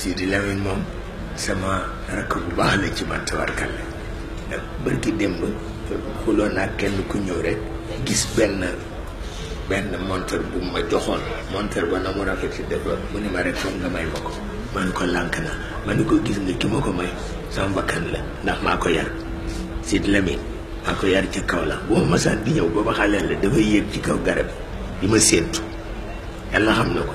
Sidi Lamine moom sama rakk bu baax la ci man tawarkal la bërki démb xuloon naa kenn ku ñëw rek gis benn benn monteur bu ma joxoon monteur ba na mu rafet ci def mu ni ma rek foog nga may ma ko ma ko lànk na ma ni ko gis nga ki ma ko may sama bakkan la ndax maa ko yar Sidi Lamine maa ko yar ca kaw la boo masaan di ñëw ba ma xaleel la dafay yéeg ci kaw garab bi ma séentu yàlla xam na ko